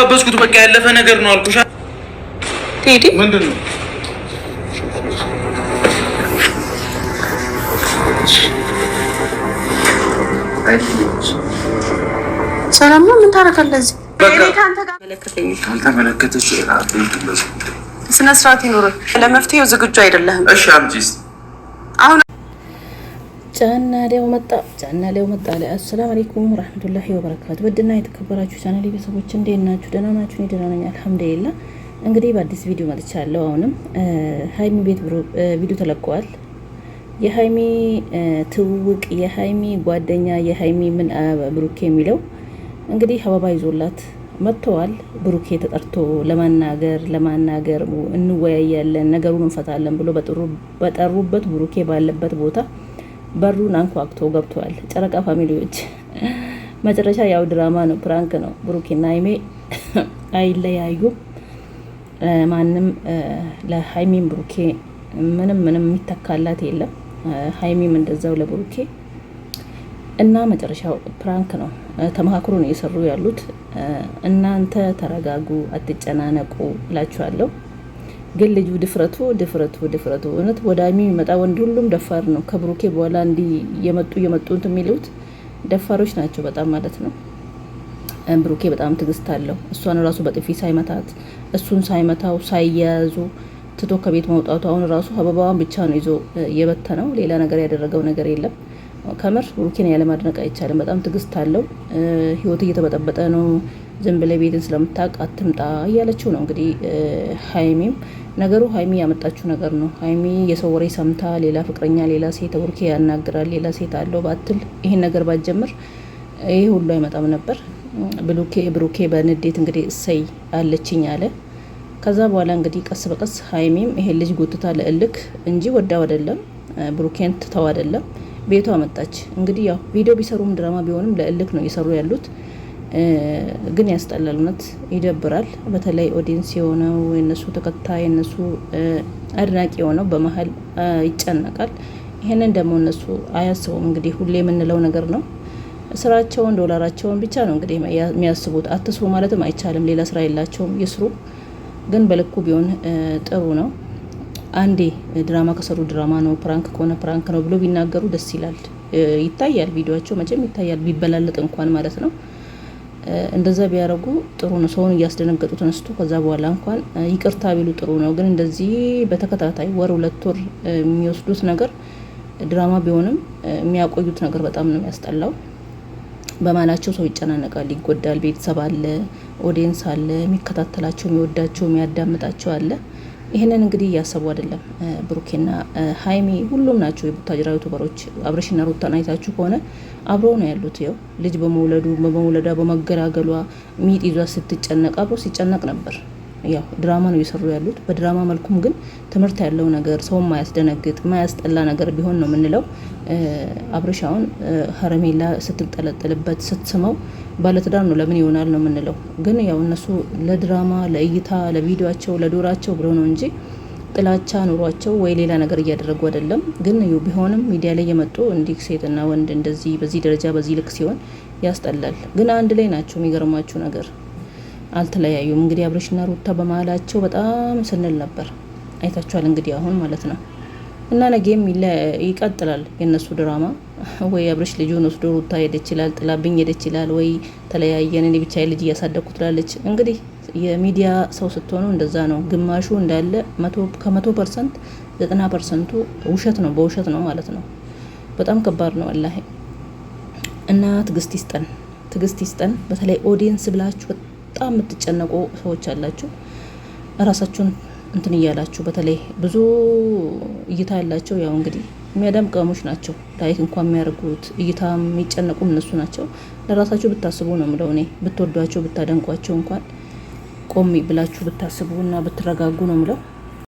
ተባበስኩት። በቃ ያለፈ ነገር ነው አልኩሽ። ቴዲ ምንድን ነው ሰላም ምን ታደርጋለህ እዚህ? ስነ ስርዓት ይኑር። ለመፍትሄው ዝግጁ አይደለህም። እሺ አምጪ ጫናዳው መጣ ጫናዳው መጣ አለ። አሰላሙ አለይኩም ወራህመቱላሂ ወበረካቱ። ውድና የተከበራችሁ ቻናል ቤተሰቦች እንዴት ናችሁ? ደህና ናችሁ? እኔ ደህና ነኝ አልሐምዱሊላህ። እንግዲህ በአዲስ ቪዲዮ መጥቻለሁ። አሁንም ሀይሚ ቤት ቪዲዮ ተለቀዋል። የሀይሚ ትውውቅ፣ የሀይሚ ጓደኛ፣ የሀይሚ ምን ብሩኬ የሚለው እንግዲህ ሀበባ ይዞላት መጥተዋል። ብሩኬ ተጠርቶ ለማናገር ለማናገር እንወያያለን፣ ነገሩን እንፈታለን ብሎ በጠሩበት ብሩኬ ባለበት ቦታ በሩን አንኳኩቶ ገብቷል። ጨረቃ ፋሚሊዎች መጨረሻ ያው ድራማ ነው፣ ፕራንክ ነው። ብሩኬና ሀይሜ አይለያዩም። ማንም ለሀይሚም ብሩኬ ምንም ምንም የሚተካላት የለም። ሀይሚም እንደዛው ለብሩኬ እና መጨረሻው ፕራንክ ነው። ተመካክሮ ነው እየሰሩ ያሉት። እናንተ ተረጋጉ፣ አትጨናነቁ እላችኋለሁ። ግን ልጁ ድፍረቱ ድፍረቱ ድፍረቱ እውነት ወደ ሀይሚ የሚመጣ ወንድ ሁሉም ደፋር ነው። ከብሩኬ በኋላ እንዲ የመጡ የመጡ እንትን የሚሉት ደፋሮች ናቸው በጣም ማለት ነው። ብሩኬ በጣም ትግስት አለው። እሷን ራሱ በጥፊ ሳይመታት እሱን ሳይመታው ሳይያያዙ ትቶ ከቤት መውጣቱ አሁን ራሱ አበባዋን ብቻ ነው ይዞ የበተነው። ሌላ ነገር ያደረገው ነገር የለም። ከምር ብሩኬን ያለማድነቅ አይቻልም። በጣም ትግስት አለው። ህይወት እየተበጠበጠ ነው። ዝም ብለህ ቤትን ስለምታውቅ አትምጣ እያለችው ነው እንግዲህ ሀይሚም ነገሩ ሀይሚ ያመጣችው ነገር ነው። ሀይሚ የሰው ወሬ ሰምታ ሌላ ፍቅረኛ፣ ሌላ ሴት ብሩኬ ያናግራል፣ ሌላ ሴት አለው ባትል ይህን ነገር ባትጀምር ይህ ሁሉ አይመጣም ነበር። ብሩኬ ብሩኬ በንዴት እንግዲህ እሰይ አለችኝ አለ። ከዛ በኋላ እንግዲህ ቀስ በቀስ ሀይሚም ይሄን ልጅ ጎትታ ለእልክ እንጂ ወዳው አይደለም ብሩኬን ትተው አይደለም ቤቷ መጣች። እንግዲህ ያው ቪዲዮ ቢሰሩም ድራማ ቢሆንም ለእልክ ነው እየሰሩ ያሉት። ግን ያስጠላል፣ እውነት ይደብራል። በተለይ ኦዲንስ የሆነው የነሱ ተከታይ የነሱ አድናቂ የሆነው በመሀል ይጨነቃል። ይህንን ደግሞ እነሱ አያስቡም። እንግዲህ ሁሌ የምንለው ነገር ነው። ስራቸውን ዶላራቸውን ብቻ ነው እንግዲህ የሚያስቡት። አትስሩ ማለትም አይቻልም፣ ሌላ ስራ የላቸውም። ይስሩ፣ ግን በልኩ ቢሆን ጥሩ ነው። አንዴ ድራማ ከሰሩ ድራማ ነው፣ ፕራንክ ከሆነ ፕራንክ ነው ብሎ ቢናገሩ ደስ ይላል። ይታያል፣ ቪዲዮቸው መቼም ይታያል፣ ቢበላለጥ እንኳን ማለት ነው። እንደዛ ቢያደርጉ ጥሩ ነው። ሰውን እያስደነገጡ ተነስቶ ከዛ በኋላ እንኳን ይቅርታ ቢሉ ጥሩ ነው። ግን እንደዚህ በተከታታይ ወር ሁለት ወር የሚወስዱት ነገር ድራማ ቢሆንም የሚያቆዩት ነገር በጣም ነው የሚያስጠላው። በማላቸው ሰው ይጨናነቃል፣ ይጎዳል። ቤተሰብ አለ፣ ኦዲየንስ አለ፣ የሚከታተላቸው፣ የሚወዳቸው፣ የሚያዳምጣቸው አለ። ይህንን እንግዲህ እያሰቡ አይደለም ብሩኬና ሀይሚ ሁሉም ናቸው። የቡታጅራ ዩቱበሮች አብረሽና ሩታን አይታችሁ ከሆነ አብረው ነው ያሉት። ው ልጅ በመውለዱ በመውለዳ በመገላገሏ ሚጥ ይዟ ስትጨነቅ አብሮ ሲጨነቅ ነበር። ያው ድራማ ነው እየሰሩ ያሉት። በድራማ መልኩም ግን ትምህርት ያለው ነገር ሰው ማያስደነግጥ ማያስጠላ ነገር ቢሆን ነው የምንለው። አብርሻውን ሀረሜላ ስትንጠለጠልበት ስትስመው ባለትዳር ነው ለምን ይሆናል ነው የምንለው። ግን ያው እነሱ ለድራማ ለእይታ፣ ለቪዲዮቸው፣ ለዶራቸው ብሎ ነው እንጂ ጥላቻ ኑሯቸው ወይ ሌላ ነገር እያደረጉ አይደለም። ግን ቢሆንም ሚዲያ ላይ የመጡ እንዲህ ሴትና ወንድ እንደዚህ በዚህ ደረጃ በዚህ ልክ ሲሆን ያስጠላል። ግን አንድ ላይ ናቸው። የሚገርማችሁ ነገር አልተለያዩም። እንግዲህ አብረሽና ሩታ በመሀላቸው በጣም ስንል ነበር አይታችኋል። እንግዲህ አሁን ማለት ነው እና ነገም ይቀጥላል የእነሱ ድራማ። ወይ አብረሽ ልጁን ወስዶ ሩታ ሄደች ይችላል፣ ጥላብኝ ሄደች ይችላል፣ ወይ ተለያየን፣ እኔ ብቻ ልጅ እያሳደግኩ ትላለች። እንግዲህ የሚዲያ ሰው ስትሆኑ እንደዛ ነው። ግማሹ እንዳለ ከመቶ ፐርሰንት ዘጠና ፐርሰንቱ ውሸት ነው፣ በውሸት ነው ማለት ነው። በጣም ከባድ ነው ወላሂ። እና ትግስት ይስጠን፣ ትግስት ይስጠን። በተለይ ኦዲየንስ ብላችሁ በጣም የምትጨነቁ ሰዎች አላችሁ። ራሳችሁን እንትን እያላችሁ በተለይ ብዙ እይታ ያላቸው ያው እንግዲህ የሚያደም ቀሞች ናቸው። ላይክ እንኳን የሚያደርጉት እይታ የሚጨነቁ እነሱ ናቸው። ለራሳችሁ ብታስቡ ነው የምለው እኔ። ብትወዷቸው ብታደንቋቸው እንኳን ቆሚ ብላችሁ ብታስቡ እና ብትረጋጉ ነው የምለው።